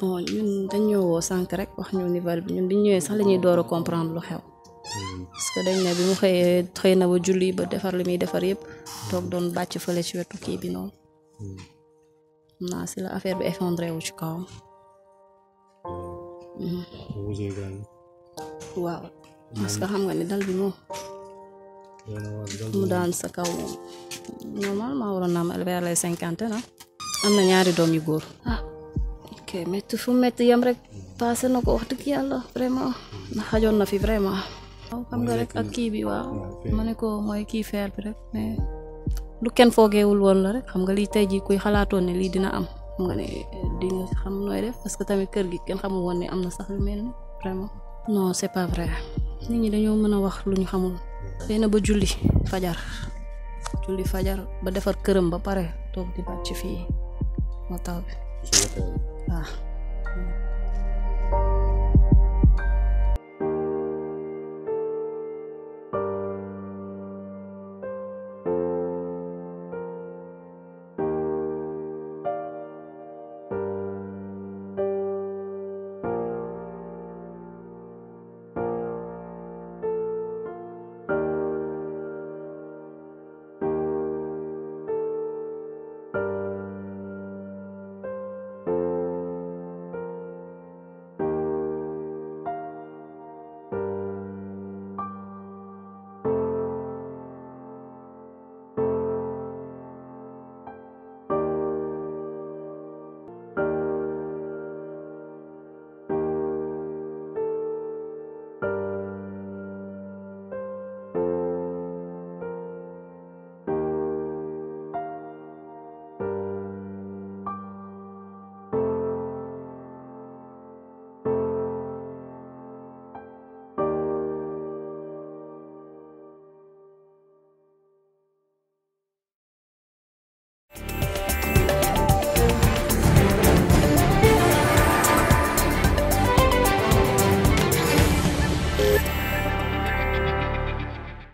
bon ñun dañ ñëwoo sànq rek wax ñu niveau bi ñun bi ñëwee sax la ñuy door a comprendre lu xew hmm. parce que dañ ne bi mu xëyee xëy na ba julli ba defar lu muy defar yëpp toog doon bàcc fële ci wetu kii bi noonu hmm. naa si la affaire bi effondré wu ci kawam hmm. waaw parce que xam nga ni dal bi moom mu daan sa kaw normalement waroon naa am vers les cinquante na ah. am na ñaari doom yu góor ah. ok métti fu métti yem rek passé na ko wax dëgg yàlla vraiment ndax xajoon na fi vraiment. waaw xam nga rek ak kii bi waaw ma ne ko mooy kii feer bi rek mais lu kenn foogeewul woon la rek xam nga lii tey jii kuy xalaatoon ne lii dina am xam nga ne eh, di xam nooy def parce que tamit kër gi kenn xamul woon ne am na sax lu mel ni vraiment. non c'est pas vrai nit ñi dañoo mën a wax lu ñu xamul. xëy ba julli fajar julli fajar ba defar këram ba pare toog di bàcc fii moo tax 啊。